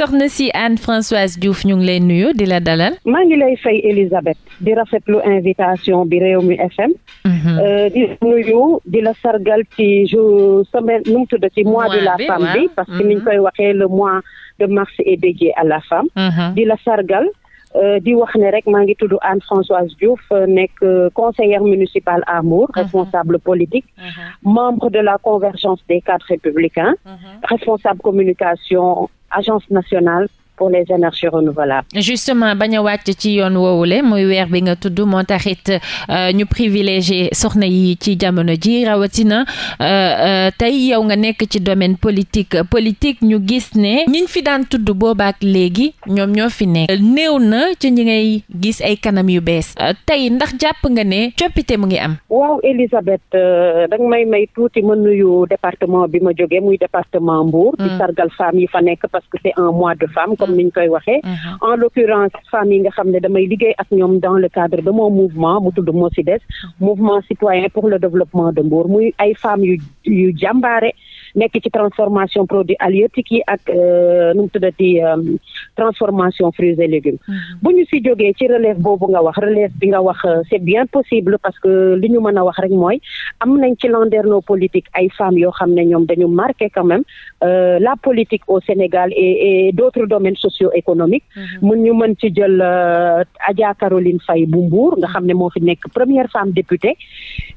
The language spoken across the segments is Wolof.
soxna si Anne Françoise Diouf ñu ngi lay nuyu di la dalal. maa ngi lay fay Elisabeth di rafetlu invitation bi Rewmi FM. Mhm. Euh, di nuyu di la sargal ci jour semaine nu mu tudd ci mois de la femme bi parce que mhm. niñ koy waxee le mois de mars est dédié à la femme. Mhm. di la sargal. Euh, di wax ne rek maa ngi tudd Anne Françoise Diouf euh, nekk conseillère municipale à Mbour responsable politique membre de la convergence des cadres républicains responsable communication agence nationale pour les énergies renouvelables. justement bañ a wàcc ci yoon woowule muy weer bi nga tudd moo taxit euh, ñu privilégié soxna yi ci jamono ji rawatina euh, euh, tey yow nga nekk ci domaine politique politique ñu gis ne ñiñ fi daan tudd boobaak léegi ñoom ñoo fi nekk néew na ci ñu ngay gis ay kanam yu bees tey ndax jàpp nga ne coppite mu ngi am. waaw Elisabeth danga may may tuuti ma nuyu département bi ma jógee muy département Mbour. di mm. sargal femmes yi fa nekk parce que c'est un mois de femme. comme niñ koy waxee. Mhm. en l'occurrence femmes yi nga xam ne damay liggéey ak ñoom dans le cadre de mon mouvement mu tudd Mosides mhm. mouvement citoyen pour le développement de Mbour muy ay femmes yu yu jàmbaare. nekk ci transformation produit halieutique yi ak euh, nu mu tuddati euh, transformation fruits et légumes. Mm-hmm. bu ñu ci jógee ci relève boobu nga wax relève bi nga wax euh, c' bien possible parce que li ñu mën a wax rek mooy am nañ ci no politique ay femmes yoo xam ne ñoom dañu marqué quand même la politique au Sénégal et et d' domaines socio-économiques. mën mm-hmm. ñu mën ci jël Adja Caroline Faye bu Mbour nga xam ne moo fi nekk première femme députée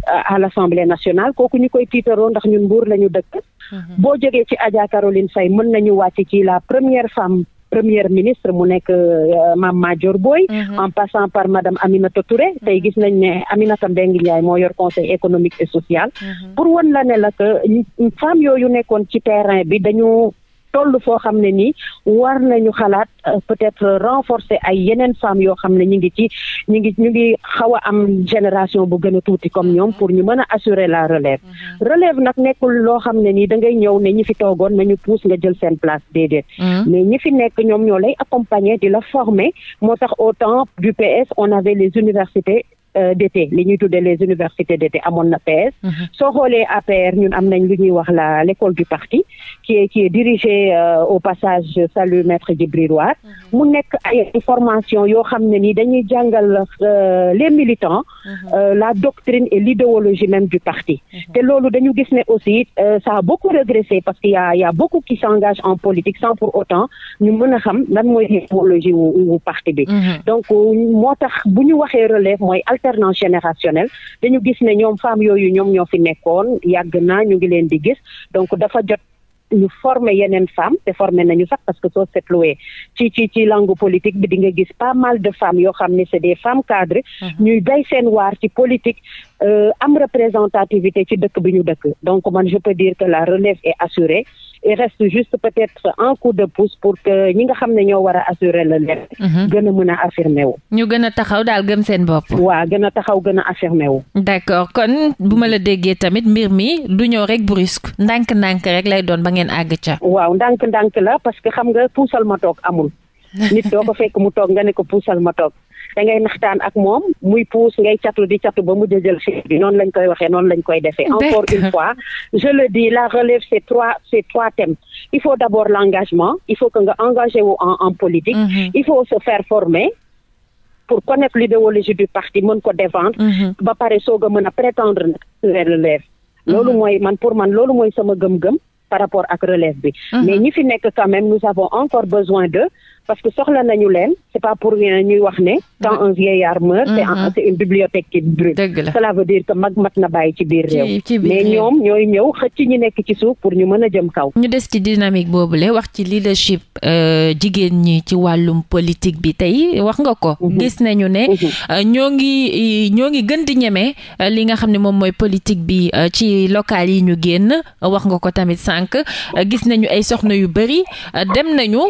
à l' Assemblée nationale kooku ñu koy tiitaroo ndax ñun Mbour la ñu dëkk. Mm-hmm. boo jógee ci Adja Caroline Faye mën nañu wàcc ci la première femme première ministre mu nekk euh, Mame Madior Boye mm-hmm. en passant par madame Aminata Touré mm-hmm. tey gis nañ ne Aminata Mbengue Ndiaye moo yor conseil économique et social pour wan la ne la que mm, femme yooyu nekkoon ci terrain bi dañu toll foo xam ne nii war nañu xalaat euh, peut-être renforcer ay yeneen femmes yoo xam ne ñu ngi ci ñu ngi ñu ngi xaw a am génération bu gën a tuuti comme ñoom pour ñu mën a assurer la relève mm-hmm. relève nag nekkul loo xam ne nii da ngay ñëw ne ñi fi toogoon nañu pousse nga jël seen place déedéet mm-hmm. mais ñi fi nekk ñoom ñoo lay accompagner di la former moo tax au temps du PS on avait les universités Euh, d'été li ñuy tuddee les universités d'été amoon na PS mhm. soo xoolee APR ñun am nañ lu ñuy wax la l'école du parti qui est qui est dirigée euh, au passage salut maître Djibril War mhm. mu nekk ay formation yoo xam ne ni dañuy jàngal euh, les militants mhm. la doctrine et l'idéologie même du parti te loolu dañu gis ne aussi ça a beaucoup régressé parce que ya a y a beaucoup qui s'engagent en politique sans pour autant ñu mën a xam nan mooy idéologie wu parti bi donc moo tax bu ñu waxee relève alternance générationnelle dañu gis ne ñoom femmes yooyu ñoom ñoo fi nekkoon yàgg na ñu ngi leen di gis donc dafa jot ñu former yeneen femmes te former nañu sax parce que soo seetluwee ci ci ci langue politique bi di nga gis pas mal de femmes yoo xam ni c'est des femmes cadres mhm. ñuy bay seen waar ci politique euh, am représentativité ci dëkk bi ñu dëkk donc man je peux dire que la relève et assurée il reste juste peut-être coup de pouce pour que ñi nga xam ne ñoo war a assurer le lépp. Mhm. gën a mën a affirmer wu. ñu gën a taxaw daal gëm seen bopp. waaw gën a taxaw gën a affirmer wu. d'accord kon bu ma la déggee tamit mbir mi du ñëw rek brusque ndànk-ndànk rek lay doon ba ngeen àgg ca. waaw ndànk-ndànk la parce que xam nga puusal ma toog amul. nit doo ko fekk mu toog nga ne ko puusal ma toog. da ngay naxtaan ak moom muy puus ngay catu di catu ba mu jëjël fi bi noonu lañ koy waxee noonu lañ koy defee encore une fois je le dis la relève c'est trois c'est trois thèmes il faut d'abord l'engagement il faut que nga engagé wu en en politique mm -hmm. il faut se faire former pour connaître l'idéologie du parti mën ko défendre mm-hmm. ba pare soog a mën a prétendre nag relève loolu mm-hmm. mooy man pour man loolu mooy sama gëm-gëm par rapport ak relève bi mm-hmm. mais ñi fi nekk quand même nous avons encore besoin de parce que soxla nañu leen c'est pas pour rien ñuy wax ne quand un vieillard meurt c'est mm-hmm. c'est une bibliothèque qui brûle cela veut dire que mag mat na bàyyi ci biir réew mais ñoom ñooy ñëw xëcc ñi nekk ci suuf pour ñu mën a jëm kaw ñu des ci dynamique boobule wax ci leadership euh, jigéen ñi ci wàllum politique bi tey wax nga ko mm-hmm. gis nañu ne mm-hmm. euh, ñoo ngi ñoo ngi gën di ñeme euh, li nga xam ne moom mooy politique bi ci local yi ñu génn wax nga ko tamit sànq gis nañu ay soxna yu bëri dem nañu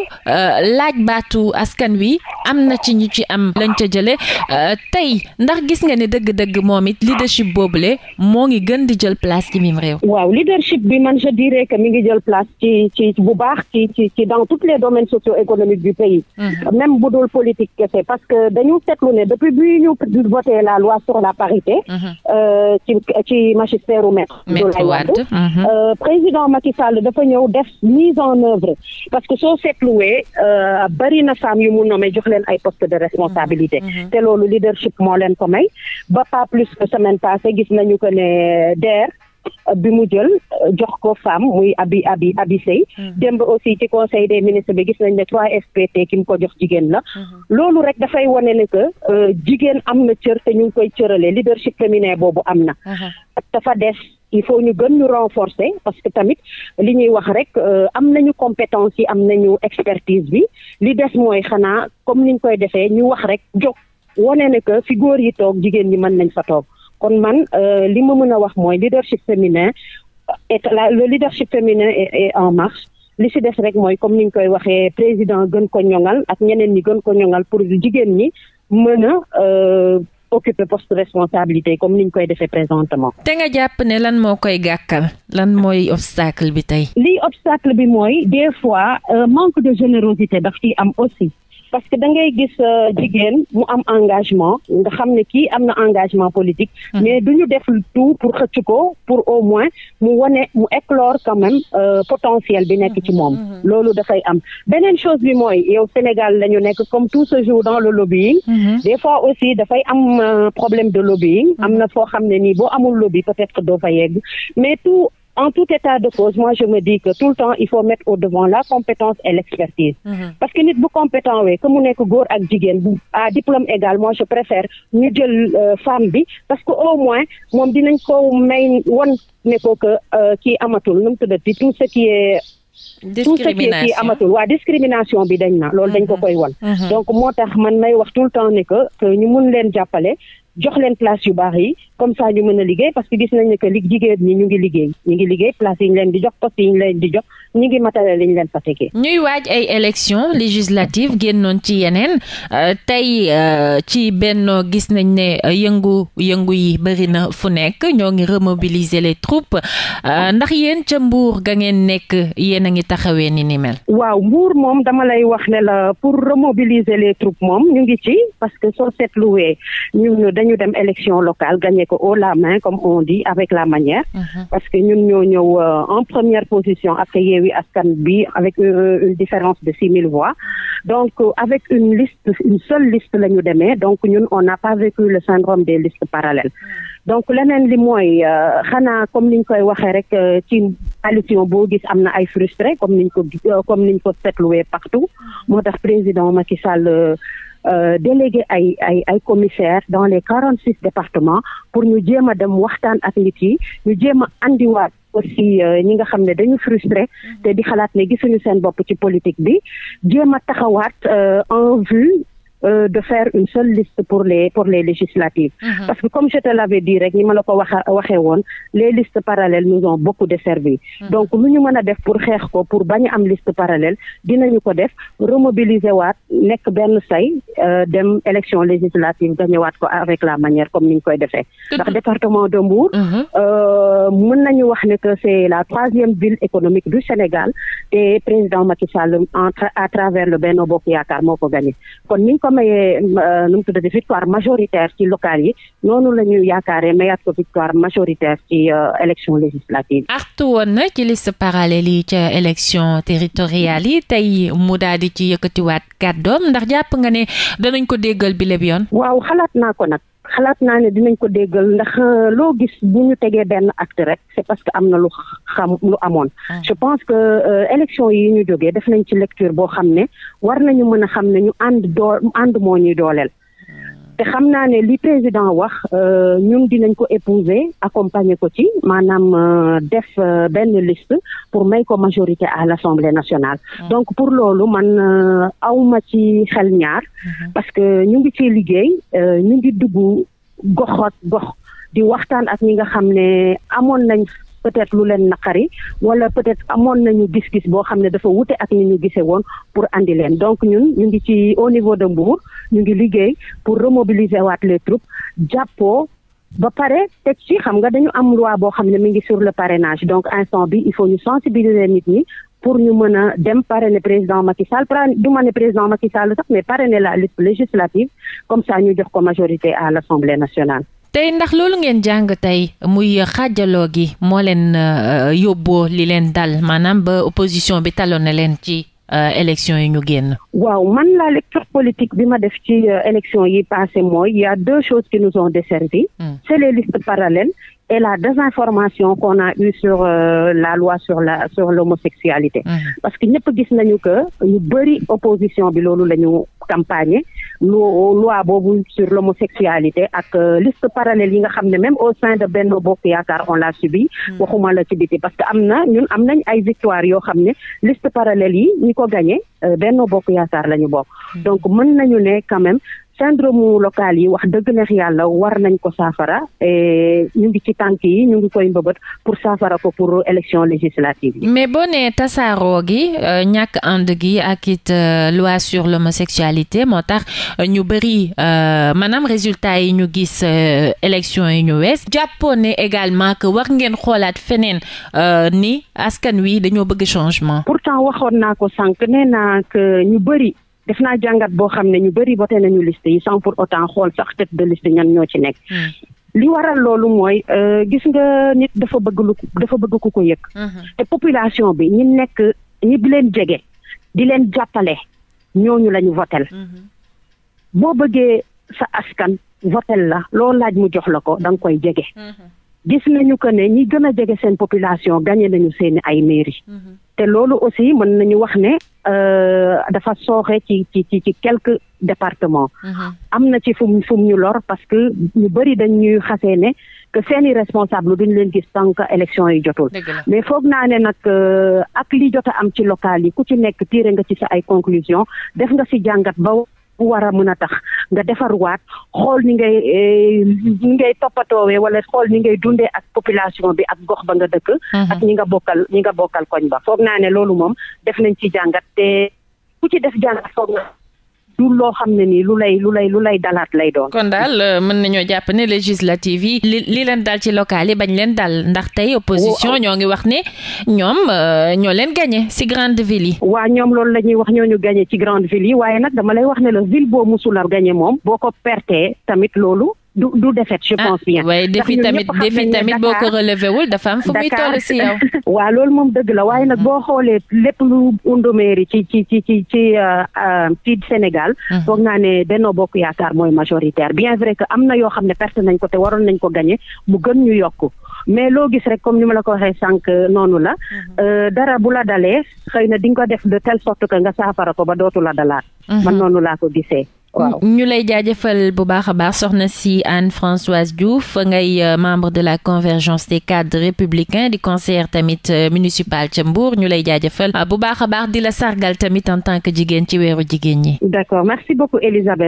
laaj baatu askan wi am na ci ñu ci am lañ ca jële euh, tey ndax gis nga ne dëgg-dëgg moom it leadership le moo ngi gën di jël place ci mim réew. waaw leadership bi man je dirais que mi ngi jël place ci ci bu baax ci ci ci dans tous les domaines socio-économiques du pays. Mhm. même bu dul politique kese parce que dañu seetlu ne depuis bi ñu voté la loi sur la parité. Mhm. Euh, ci ci magistère maître. Doulaye Wade mhm. euh, président Macky Sall dafa ñëw def mise en œuvre parce que soo seetluwee bari na femmes mun mu may jox leen ay postes de responsabilité. Mm-hmm. Mm-hmm. te loolu leadership moo leen ko may. ba pas plus que semaine passée gis nañu ko ne DER. Euh, bi mu jël euh, jox ko femme muy abi abi abi sey mm-hmm. démb aussi ci conseil des ministres bi gis nañ ne 3FPT ki mu ko jox jigéen la loolu rek dafay wane ne que euh, jigéen am na cër te ñu ngi koy cëralee leadership féminin boobu am na dafa des il faut ñu gën ñu renforcer parce que tamit li ñuy wax rek euh, am nañu compétence yi am nañu expertise bi li des mooy xanaa comme niñ koy defee ñu wax rek jóg wone ne que góor yi toog jigéen ñi mën nañ fa toog kon man euh, li ma mën a wax mooy leadership féminin euh, et le leadership féminin est en marche li si des rek mooy comme niñ koy waxee président gën ko ñoŋal ak ñeneen ñi gën ko ñoŋal pour jigéen ñi mën a occuper poste responsabilité comme niñ koy defee présentement. te nga jàpp ne lan moo koy gàkkal lan mooy obstacle bi tey. lii obstacle bi mooy des fois euh, manque de générosité daf si am aussi. parce que da ngay gis euh, jigéen mu am engagement nga xam ne kii am na engagement politique. Mm. mais du ñu def tout pour xëcc ko pour au moins mu wane mu éclore quand même euh, potentiel bi nekk ci mm-hmm. moom. Mm-hmm. loolu dafay am beneen chose bi mooy yow Sénégal la nekk comme tout ce jour dans le lobbying. Mm-hmm. des fois aussi dafay am euh, problème de lobbying. am na foo xam ne nii boo amul lobby peut-être doo fa yegg mais tout. en tout état de cause moi je me dis que tout le temps il faut mettre au devant la compétence et l'expertise mm parce que nit bu compétent wee que mu nekk góor ak jigéen bu à diplôme égal moi je préfère ñu jël euh, femme bi parce que au moins moom dinañ ko may won ne ko que euh, kii amatul nu mu tuddati tout ce qui est tout ce qui est amatul waa discrimination bi dañ na loolu dañ ko mhm. koy won mhm. donc moo tax man may wax tout le temps ne que ñu mun leen jàppale jox leen place yu baax yi comme ça ñu mën a liggéey parce que gis nañ ne que li ñu ngi liggéey ñu ngi liggéey place yi ñu leen di jox poste ñu ngi matériel yi ñu leen fa tegee ñuy waaj ay élection législative génnoon ci yeneen euh, tey euh, ci Benno gis nañ ne euh, yëngu yëngu yi bëri na fu nekk ñoo ngi remobiliser les troupes ndax yéen ca Mbour ga ngeen nekk yéen a ngi taxawee ni ni mel waaw Mbour moom dama lay wax ne la pour remobiliser les troupes moom ñu ngi ci parce que soo seetluwee ñu dañu dem élection locale gagné haut la comme on dit avec la manière mhm. parce que ñun ñoo ñëw euh, en première position après Yewwi Askan Wi avec euh, euh, une, différence de six mille voix donc avec une liste une seule liste la ñu demee donc ñun on n'a pas vécu le syndrome des listes parallèles mm -hmm. donc leneen li mooy xanaa comme niñ koy waxee rek ci coalition boo gis am na ay frustré comme niñ ko comme niñ ko seetluwee partout mhm. moo président Macky euh, délégué ay ay ay commissaires dans les quarante six départements pour ñu jéem a dem waxtaan ak nit yi ñu jéem a andiwaat aussi euh, ñi nga xam ne dañu frustré te di xalaat ne gisuñu seen bopp ci politique bi jéem a taxawaat euh, en vue euh, de faire une seule liste pour les pour les législatives. Mhm. parce que comme je te l'avais dit rek ni ma ko waxa waxee woon les listes parallèles nous ont beaucoup desservi. Mm -hmm. donc lu ñu mën a def pour xeex ko pour ba bañ am liste dina dinañu ko def remobiliser waat nekk benn say euh, dem élection législative gañewaat ko avec la manière comme ni ñu koy defee. ndax département de Mbour. Mhm. Euh, mën nañu wax ne que c'est la troisième ville économique du Sénégal te président Macky à travers le Benno Bokk Yaakaar moo ko gagné mayee euh, nu mu tuddati victoire majoritaire ci local yi noonu la ñu yaakaaree mayaat ko victoire majoritaire ci euh, élection législative artu woon na ci liste parallèle yi ca élection teritorial yi tey mu daal di ci yëkkatiwaat kàddoom ndax jàpp nga ne danañ ko déggal bi léb yoon waaw xalaat naa ko nag xalaat naa ne dinañ ko déggal ndax euh, loo gis bu ñu tegee benn acte rek c'est parce que am na lu xam lu amoon. Ah. je pense que euh, élection yu ñu jógee def nañ ci lecture boo xam ne war nañu mën a xam ne ñu ànd doo ànd moo ñuy dooleel. te xam naa ne li président wax euh, ñun dinañ ko épouser accompagner ko ci maanaam euh, def euh, benn liste pour may ko majorité à l'Assemblée nationale. Mm. donc pour loolu man awma ci xel ñaar. Mm-hmm. parce que ñu ngi ciy liggéey ñu ngi dugg goxot gox di waxtaan ak ñi nga xam ne amoon nañ peut-être lu leen naqari wala peut-être amoon nañu gis-gis boo xam ne dafa wute ak ni ñu gisee woon pour andi leen donc ñun ñu ngi ci au niveau de Mbour ñu ngi liggéey pour remobiliser waat les troupes jàppoo ba pare teg ci xam nga dañu am loi boo xam ne mi ngi sur le parrainage donc instant bi il faut ñu sensibiliser nit ñi pour ñu mën a dem parrainer président Macky Sall du ma ne président Macky Sall sax mais parrainer la liste législative comme ça ñu jox ko majorité à l'Assemblée nationale tey ndax loolu ngeen jàng tey muy xaajaloo gi moo leen euh, yóbboo li leen dal maanaam ba opposition bi taloon na leen ci euh, élection yi ñu génn. waaw man la lecture politique bi ma def ci euh, élection yi passé mooy ya a deux choses qui nous ont desservi. Hmm. c'est les listes parallèles et la désinformation qu'on a eue sur euh, la loi sur la sur l'homosexualité. Hmm. parce que ñëpp gis nañu que ñu bëri opposition bi loolu la ñu campagne loi boobu sur l'homosexualité ak euh, liste parallèle yi nga xam ne même au sein de Benno Bokk Yaakaar on l'a subi hmm. waxuma la ci biti parce que am na ñun am nañ ay victoire yoo xam ne liste parallèle yi ñi ko gagné euh, Benno Bokk Yaakaar la ñu bokk hmm. donc mën nañu ne quand syndrome locale yi wax dëgg neex yàlla war nañ ko saafara ñu ngi ci tànk yi ñu ngi koy mbëbët pour saafara ko pour élection législative yi. mais boo nee tasaaroo gi euh, ñàkk ànd gi ak it euh, loi sur l'homosexualité moo tax ñu bëri euh, maanaam résultat yi ñu gis élection yi ñu wees jàppoon ne également que war ngeen xoolaat feneen ni askan wi dañoo bëgg changement. pourtant waxoon naa ko sànq nee naa ñu bëri. def naa jàngat boo xam ne ñu bari voté nañu list yi sans pour autant xool sax tête de liste ñan ñoo ci nekk. Hmm. li waral loolu mooy euh, gis nga nit dafa bëgg lu dafa bëgg ku ko yëg. Hmm. te population bi ñi nekk ñi di leen jege di leen jàppale ñooñu la ñu votel hmm. boo bëggee sa askan votel la loo laaj mu jox la ko da nga koy jege. gis nañu que ne ñi gën a jege seen population gagné nañu seeni ay mairie. Mm te loolu aussi mën nañu wax ne euh, dafa sooxe ci ci ci ci quelques départements. Mhm. am na ci fum mu fu ñu lor parce que ñu bëri dañ ñuy xasee ne que seeni responsable duñ leen gis tant que élection yi jotul. mais foog naa ne nag euh, ak li jot a am ci local yi ku ci nekk tiire nga ci sa ay conclusion def nga si jàngat ba. bu war a mën a tax nga defarwaat xool ni ngay eh, ni ngay toppatoowee wala xool ni ngay dundee ak population bi ak gox ba nga dëkk. Mhm. ak ñi nga bokkal ñi nga bokkal koñ ba. foog naa ne loolu moom def nañ ci jàngat te ku ci def jàngat foog naa. du loo xam ne nii lu lay lu lay lu lay dalaat lay doon. kon daal euh, mën nañoo jàpp ne législative yi li li leen daal ci local yi bañ leen daal ndax tey opposition oh, oh. ñoo ngi wax ne ñoom euh, ñoo leen gagné ci grande ville yi. waa ñoom loolu la ñuy wax ñoo ñu gañe ci grande ville yi waaye nag dama lay wax ne la ville boo musul a gañe moom boo ko pertee tamit loolu. du du defet je ah, pense bien. waaye défi tamit défi tamit boo moom dëgg la waaye nag mm-hmm. boo xoolee lépp lu undumeeri ci ci ci ci ci euh, euh, ci Sénégal. Mm-hmm. foog naa ne Benno Bokk Yaakaar mooy majoritaire bien vrai que am na yoo xam ne perte nañ ko te waroon nañ ko gagné mu gën ñu yokk mais loo gis rek comme ni ma la ko waxee sànq noonu la. Mm-hmm. Euh, dara bu la dalee xëy na di nga ko def de telle sorte que nga saafara ko ba dootu la dalaat. man noonu laa ko gisee. waaw ñu lay jaajëfal bu baax a baax soxna si Anne Françoise Diouf ngay euh, membre de la convergence des cadres républicains di conseillère tamit euh, municipal ca Mbour ñu lay jaajëfal bu baax a baax di la sargal tamit en tant que jigéen ci weeru jigéen ñi.